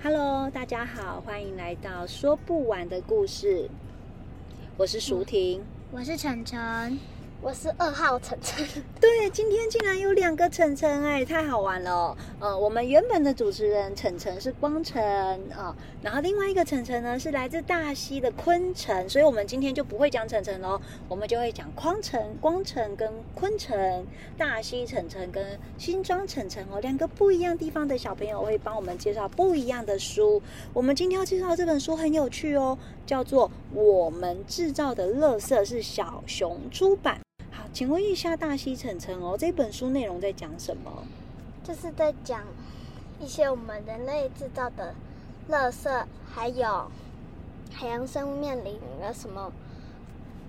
Hello，大家好，歡迎來到說不完的故事。我是淑婷，啊、我是城城。我是二號城城，對，今天竟然有兩個城城，哎、欸，太好玩了喔。呃，我們原本的主持人城城是光城啊，呃，然後另外一個城城呢是來自大溪的坤城，所以我們今天就不會講城城嘍，我們就會講框城，光城跟坤城，大溪城城跟新莊城城哦，兩個不一樣地方的小朋友會幫我們介紹不一樣的書。我們今天要介紹的這本書很有趣哦，喔，叫做《我們製造的垃圾》，是小熊出版。請問一下，大溪城城哦，這本書內容在講什麼？就是在講一些我們人類製造的垃圾，還有海洋生物面臨了什麼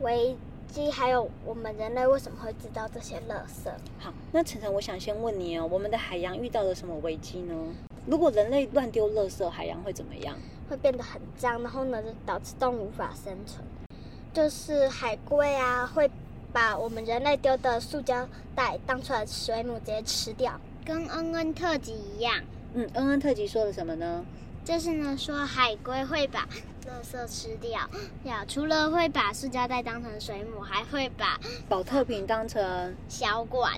危機，還有我們人類為什麼會製造這些垃圾。好，那城城，我想先問你哦，我們的海洋遇到了什麼危機呢？如果人類亂丟垃圾，海洋會怎麼樣？會變得很髒，然後呢，就導致動物無法生存，就是海龜啊會。把我們人類丟的塑膠袋當成水母直接吃掉，跟恩恩特輯一樣。嗯，恩恩特輯說的什麼呢？就是呢，說海龜會把垃圾吃掉。呀，除了會把塑膠袋當成水母，還會把寶特瓶當成小管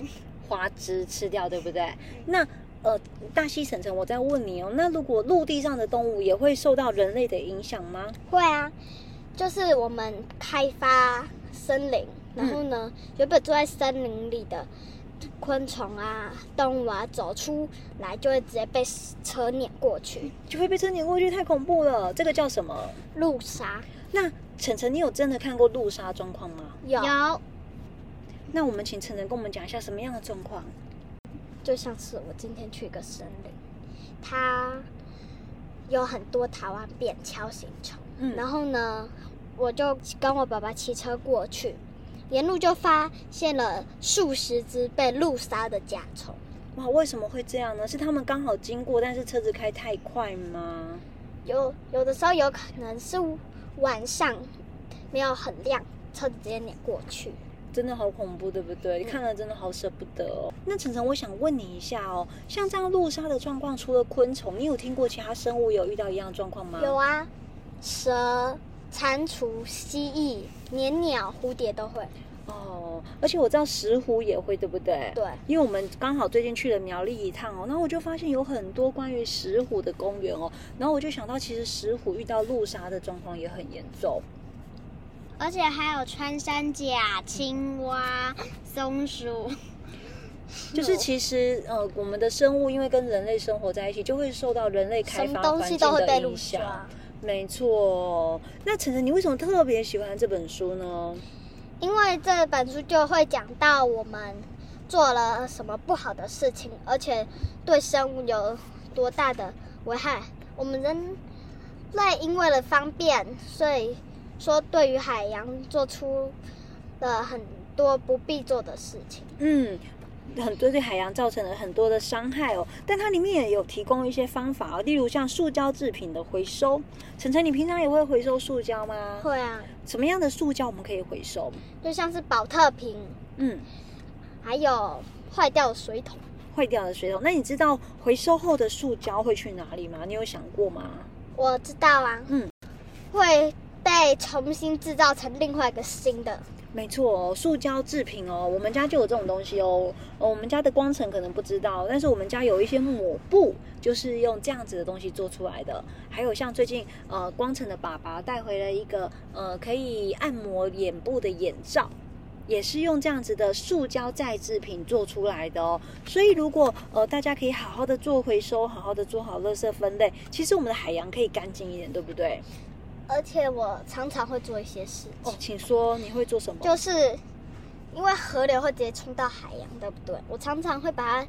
花枝吃掉，對不對？嗯、那呃，大溪城城，我再問你哦。那如果陸地上的動物也會受到人類的影響嗎？會啊，就是我們開發森林。然後呢，原本住在森林裡的昆蟲啊、動物啊，走出來就會直接被車碾過去，就會被車碾過去，太恐怖了。這個叫什麼？路殺。那城城，你有真的看過路殺狀況嗎？有。那我們請城城跟我們講一下什麼樣的狀況？就像是我今天去一個森林，它有很多台灣扁鍬形蟲。嗯，然後呢，我就跟我爸爸騎車過去。沿路就發現了數十隻被路殺的甲蟲，哇！為什麼會這樣呢？是他們剛好經過，但是車子開太快嗎？有，有的時候有可能是晚上沒有很亮，車子直接碾過去。真的好恐怖，對不對？嗯。你看了真的好舍不得哦。那晨晨，我想問你一下哦，像這樣路殺的狀況，除了昆蟲，你有聽過其他生物有遇到一樣的狀況嗎？有啊，蛇。蟾蜍、蜥蜴、鳥、蝴蝶都會哦，而且我知道石虎也會，對不對？對，因為我們剛好最近去了苗栗一趟哦，然後我就發現有很多關於石虎的公園哦，然後我就想到，其實石虎遇到路殺的狀況也很嚴重，而且還有穿山甲、青蛙、松鼠，就是其實呃，我們的生物因為跟人類生活在一起，就會受到人類開發環境的影響。什麼東西都會被沒錯，那城城，你為什麼特別喜歡這本書呢？因為這本書就會講到我們做了什麼不好的事情，而且對生物有多大的危害。我們人類因為了方便，所以說對於海洋做出了很多不必做的事情。嗯。很多對，對海洋造成了很多的傷害哦，但它裡面也有提供一些方法哦，例如像塑膠制品的回收。晨晨，你平常也會回收塑膠嗎？會啊。什麼樣的塑膠我們可以回收？就像是寶特瓶，嗯，還有壞掉的水桶。壞掉的水桶？那你知道回收後的塑膠會去哪裡嗎？你有想過嗎？我知道啊，嗯，會被重新制造成另外一個新的。沒錯哦，塑膠製品哦，我們家就有這種東西哦。哦，我們家的光晨可能不知道，但是我們家有一些抹布，就是用這樣子的東西做出來的。還有像最近，呃，光晨的爸爸帶回了一個，呃，可以按摩眼部的眼罩，也是用這樣子的塑膠再製品做出來的哦。所以如果，呃，大家可以好好的做回收，好好的做好垃圾分類，其實我們的海洋可以乾淨一點，對不對？而且我常常會做一些事情哦。請說，你會做什麼？就是因為河流會直接衝到海洋，對不對？我常常會把它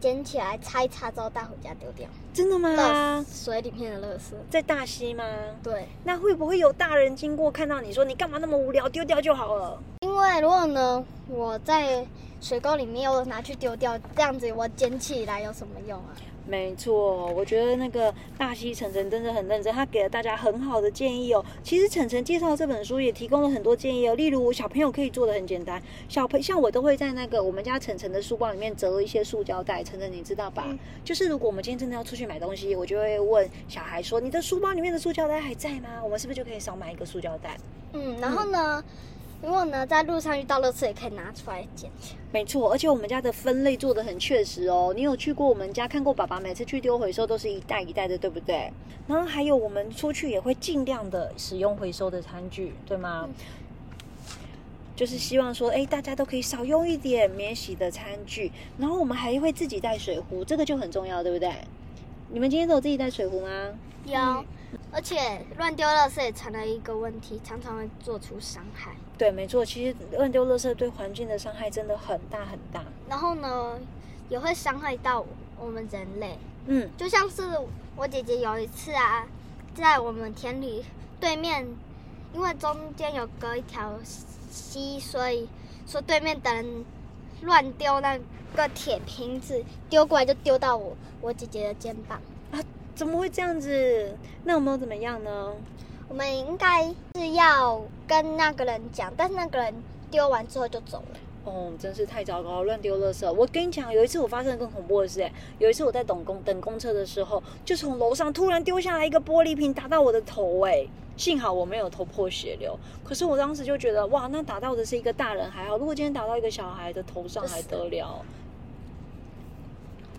撿起來擦一擦，之後帶回家丟掉。真的嗎？水裡面的垃圾，在大溪嗎？對。那會不會有大人經過看到你說，你幹嘛那麼無聊？丟掉就好了。因為如果呢，我在水溝裡面又拿去丟掉，這樣子我撿起來有什麼用啊？沒錯，我覺得那個大溪城城真的很認真，他給了大家很好的建議哦。其實城城介紹這本書也提供了很多建議哦，例如我小朋友可以做的很簡單，小朋友像我都會在那個我們家城城的書包裡面折一些塑膠袋。城城你知道吧、嗯？就是如果我們今天真的要出去買東西，我就會問小孩說：“你的書包裡面的塑膠袋還在嗎？我們是不是就可以少買一個塑膠袋？”嗯，然後呢？嗯如果呢，在路上遇到路殺也可以拿出來撿。沒錯，而且我們家的分類做的很確實哦。你有去過我們家看過？爸爸每次去丟回收都是一袋一袋的，對不對？然後還有我們出去也會盡量的使用回收的餐具，對嗎？嗯、就是希望說，哎，大家都可以少用一點免洗的餐具。然後我們還會自己帶水壺，這個就很重要，對不對？你們今天都有自己帶水壺嗎？有。嗯而且亂丟垃圾也成了一個問題，常常會做出傷害。對，沒錯，其實亂丟垃圾對環境的傷害真的很大很大。然後呢，也會傷害到我們人類。嗯，就像是我姐姐有一次啊，在我們田裡對面，因為中間有隔一條溪，所以說對面的人亂丟那個鐵瓶子，丟過來就丟到我我姐姐的肩膀。怎麼會這樣子？那我們怎麼樣呢？我們應該是要跟那個人講，但是那個人丟完之後就走了。哦，真是太糟糕，亂丟垃圾！我跟你講，有一次我發生了更恐怖的事、欸，哎，有一次我在等公等公車的時候，就從樓上突然丟下來一個玻璃瓶，打到我的頭、欸，哎，幸好我沒有頭破血流。可是我當時就覺得，哇，那打到的是一個大人還好，如果今天打到一個小孩的頭上，還得了？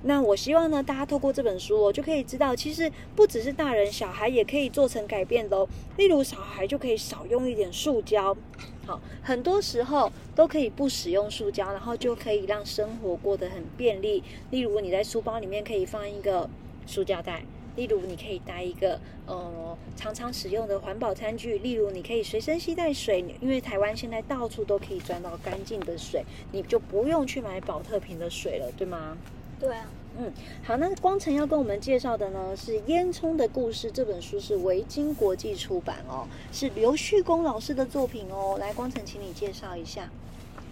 那我希望呢，大家透過這本書哦，我就可以知道，其實不只是大人，小孩也可以做成改變的哦。例如小孩就可以少用一點塑膠，好，很多時候都可以不使用塑膠，然後就可以讓生活過得很便利。例如你在書包裡面可以放一個塑膠袋，例如你可以帶一個呃常常使用的環保餐具，例如你可以隨身攜帶水，因為台灣現在到處都可以裝到乾淨的水，你就不用去買寶特瓶的水了，對嗎？對啊。嗯，好，那光城要跟我們介紹的呢，是《煙囪的故事》，這本書是維京國際出版哦，是劉旭恭老師的作品哦。來，光城，請你介紹一下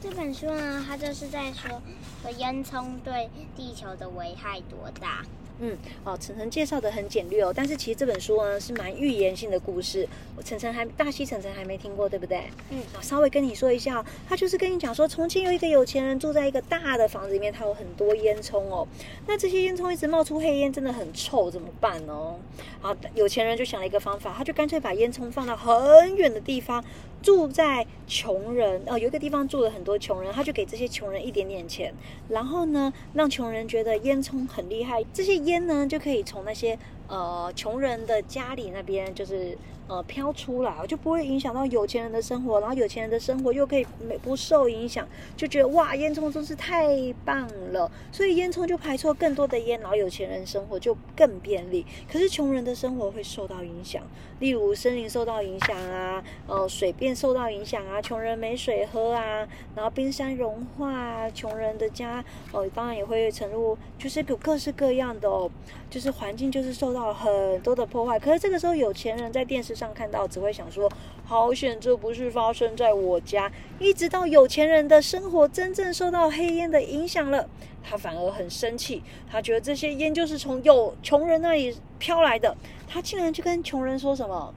這本書呢？它就是在說，說煙囪對地球的危害多大。嗯，好，城城介紹得很簡略哦，但是其實這本書呢是蠻寓言性的故事。我城城還大溪城城還沒聽過，對不對？嗯，好，稍微跟你說一下，哦，他就是跟你講說，從前有一個有錢人住在一個大的房子裡面，他有很多煙囪哦，那這些煙囪一直冒出黑煙，真的很臭，怎麼辦呢，哦？好，有錢人就想了一個方法，他就乾脆把煙囪放到很遠的地方。住在窮人，呃、哦，有一個地方住了很多窮人，他就給這些窮人一點點錢，然後呢，讓窮人覺得煙囪很厲害，這些煙呢就可以從那些。呃，窮人的家裡那邊就是呃飄出來，就不會影響到有錢人的生活，然後有錢人的生活又可以沒不受影響，就覺得哇，煙囪真是太棒了，所以煙囪就排出更多的煙，然後有錢人生活就更便利。可是窮人的生活會受到影響，例如森林受到影響啊，呃，水變受到影響啊，窮人沒水喝啊，然後冰山融化啊，窮人的家呃當然也會沉入，就是有各式各樣的哦，就是環境就是受。到很多的破壞，可是這個時候有錢人在電視上看到，只會想說：好險，這不是發生在我家。一直到有錢人的生活真正受到黑煙的影響了，他反而很生氣，他覺得這些煙就是從有窮人那裡飄來的，他竟然就跟窮人說什麼：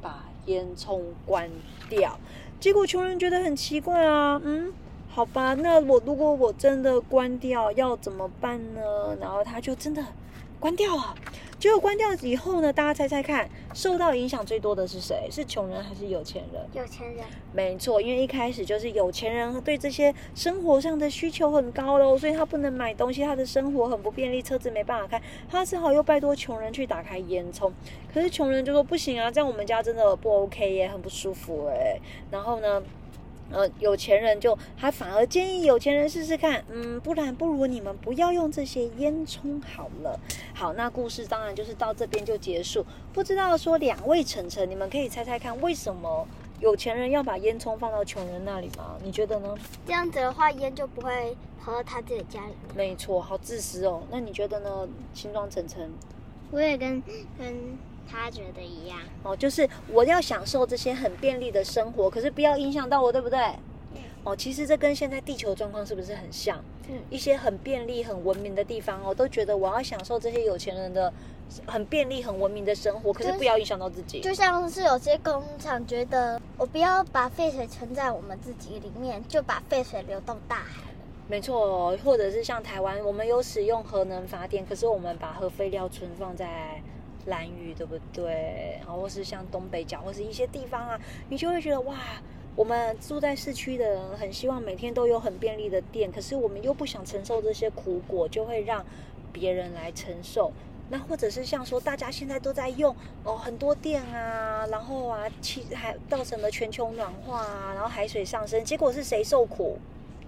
把煙囪關掉。結果窮人覺得很奇怪啊，嗯，好吧，那我如果我真的關掉，要怎麼辦呢？然後他就真的。關掉了，結果關掉以後呢？大家猜猜看，受到影響最多的是誰？是窮人還是有錢人？有錢人，沒錯，因為一開始就是有錢人對這些生活上的需求很高嘍，所以他不能買東西，他的生活很不便利，車子沒辦法開，他只好又拜託窮人去打開煙囪。可是窮人就說不行啊，在我們家真的不 OK 也、欸、很不舒服誒、欸。然後呢？呃，有錢人就還反而建議有錢人試試看，嗯，不然不如你們不要用這些煙囪好了。好，那故事當然就是到這邊就結束。不知道說兩位晨晨，你們可以猜猜看，為什麼有錢人要把煙囪放到窮人那裡嗎？你覺得呢？這樣子的話，煙就不會跑到他自己家裡。沒錯，好自私哦。那你覺得呢，新莊晨晨？我也跟跟。他覺得一樣哦，就是我要享受這些很便利的生活，可是不要影響到我，對不對？嗯。哦，其實這跟現在地球狀況是不是很像？嗯。一些很便利、很文明的地方哦，都覺得我要享受這些有錢人的很便利、很文明的生活，可是不要影響到自己。就，就像是有些工廠覺得我不要把廢水存在我們自己裡面，就把廢水流到大海。沒錯哦，或者是像台灣，我們有使用核能發電，可是我們把核廢料存放在。蘭嶼對不對？然後是像東北角或是一些地方啊，你就會覺得哇，我們住在市區的人很希望每天都有很便利的電。可是我們又不想承受這些苦果，就會讓別人來承受。那或者是像說大家現在都在用哦，很多電啊，然後啊氣還造成了全球暖化啊，然後海水上升，結果是誰受苦？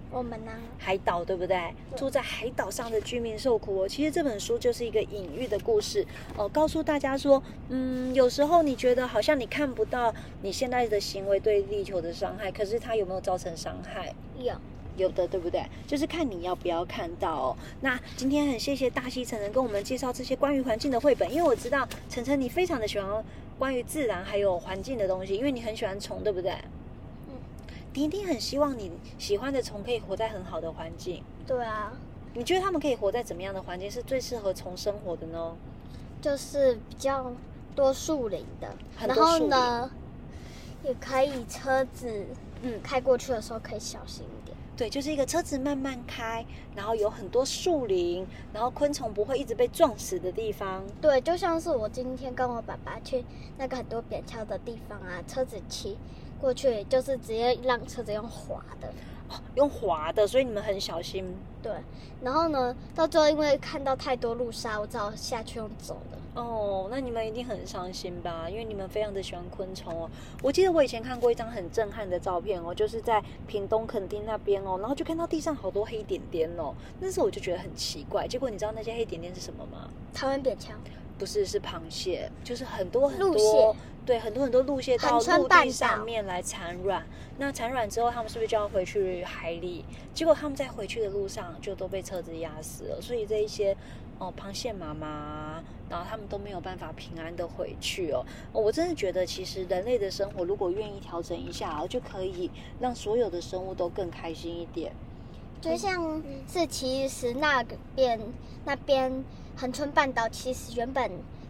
我們呢？海島對不對，對？住在海島上的居民受苦。哦。其實這本書就是一個隱喻的故事，哦，告訴大家說，嗯，有時候你覺得好像你看不到你現在的行為對地球的傷害，可是它有沒有造成傷害？有，有的，對不對？就是看你要不要看到。哦。那今天很謝謝大溪城城跟我們介紹這些關於環境的繪本，因為我知道城城你非常的喜歡關於自然還有環境的東西，因為你很喜歡蟲，對不對？你一定很希望你喜歡的蟲可以活在很好的環境。對啊，你覺得他們可以活在怎麼樣的環境是最適合蟲生活的呢？就是比較多樹林的很多樹林，然後呢，也可以車子，嗯，開過去的時候可以小心一點。對，就是一個車子慢慢開，然後有很多樹林，然後昆蟲不會一直被撞死的地方。對，就像是我今天跟我爸爸去那個很多扁鍬的地方啊，車子騎。過去就是直接讓車子用滑的。哦，用滑的，所以你們很小心。對，然後呢，到最後因為看到太多路殺，我只好下去用走的。哦，那你們一定很傷心吧？因為你們非常的喜歡昆蟲哦。我記得我以前看過一張很震撼的照片哦，就是在屏東墾丁那邊哦，然後就看到地上好多黑點點哦。那時候我就覺得很奇怪，結果你知道那些黑點點是什麼嗎？台灣扁鍬。不是，是螃蟹，就是很多很多，對，很多很多陸蟹，到陸地上面來產卵。那產卵之後，他們是不是就要回去海裡？結果他們在回去的路上就都被車子壓死了。所以這一些哦，螃蟹媽媽，然後他們都沒有辦法平安的回去哦。哦，我真的覺得，其實人類的生活如果願意調整一下、哦，就可以讓所有的生物都更開心一點。就像是其實那邊那邊。恆春半島其實原本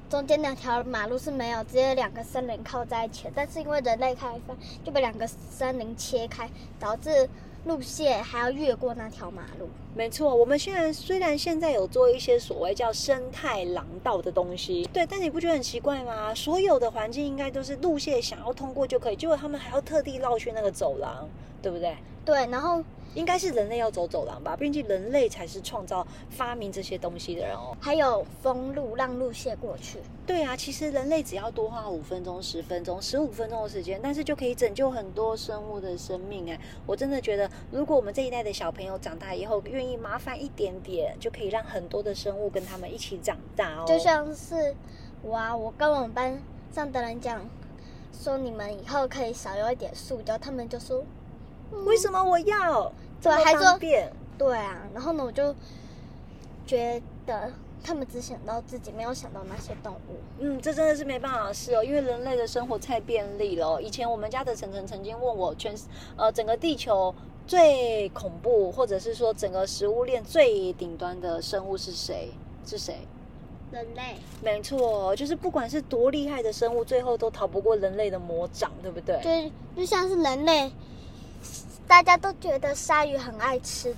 中間那條馬路是沒有，只有兩個森林靠在一起。但是因為人類開發，就把兩個森林切開，導致路線還要越過那條馬路。沒錯，我們現在雖然現在有做一些所謂叫生態廊道的東西，對，但你不覺得很奇怪嗎？所有的環境應該都是路線想要通過就可以，結果他們還要特地繞去那個走廊。對不對？對，然後應該是人類要走走廊吧？畢竟人類才是創造發明這些東西的人哦。還有封路讓路線過去。對啊，其實人類只要多花五分鐘、十分鐘、十五分鐘的時間，但是就可以拯救很多生物的生命。哎，我真的覺得，如果我們這一代的小朋友長大以後，願意麻煩一點點，就可以讓很多的生物跟他們一起長大哦。就像是哇，我跟我們班上的人講，說你們以後可以少用一點塑膠，然後他們就說。為什麼我要麼？怎、嗯、麼還說？對啊，然後呢？我就覺得他們只想到自己，沒有想到那些動物。嗯，這真的是沒辦法的事哦。因為人類的生活太便利了、哦。以前我們家的晨晨曾經問我，全呃整個地球最恐怖，或者是說整個食物鏈最頂端的生物是誰？是誰？人類。沒錯、哦，就是不管是多厲害的生物，最後都逃不過人類的魔掌，對不對？對，就像是人類。大家都覺得鯊魚很愛吃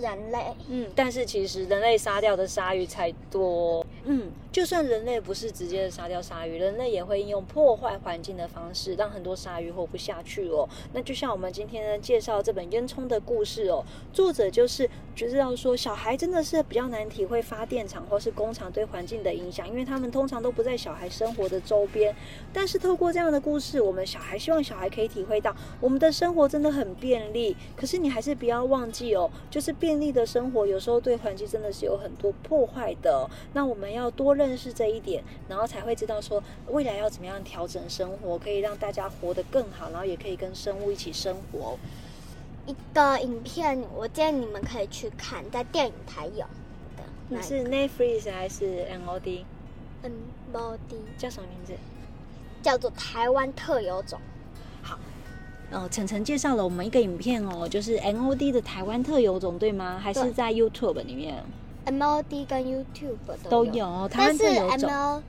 人類，嗯，但是其實人類殺掉的鯊魚才多。嗯，就算人類不是直接的殺掉鯊魚，人類也會應用破壞環境的方式，讓很多鯊魚活不下去哦。那就像我們今天呢，介紹這本《煙囪的故事》哦，作者就是覺得說，小孩真的是比較難體會發電廠或是工廠對環境的影響，因為他們通常都不在小孩生活的周邊。但是透過這樣的故事，我們小孩希望小孩可以體會到，我們的生活真的很便利。可是你還是不要忘記哦，就是便利的生活有時候對環境真的是有很多破壞的哦。那我們。要多認識這一點，然後才會知道說未來要怎麼樣調整生活，可以讓大家活得更好，然後也可以跟生物一起生活。一個影片，我建議你們可以去看，在電影台有的、那個，你是 Netflix 還是 NOD？NOD 叫什麼名字？叫做台灣特有種。好，嗯、哦，晨晨介紹了我們一個影片哦，就是 NOD 的台灣特有種，對嗎？還是在 YouTube 裡面？M O D 跟 YouTube 都有，都有台灣有但是 M O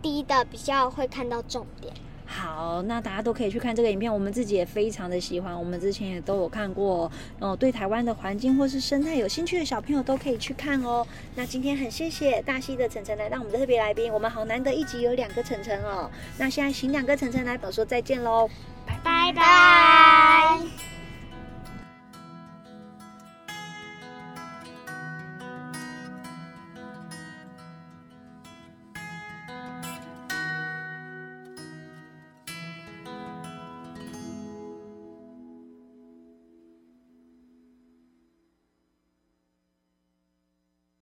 D 的比較會看到重點。好，那大家都可以去看這個影片，我們自己也非常的喜歡，我們之前也都有看過。嗯、呃，對台灣的環境或是生態有興趣的小朋友都可以去看哦。那今天很謝謝大溪的城城來當我們的特別來賓，我們好難得一集有兩個城城哦。那現在請兩個城城來跟我說再見嘍，拜拜拜。Bye bye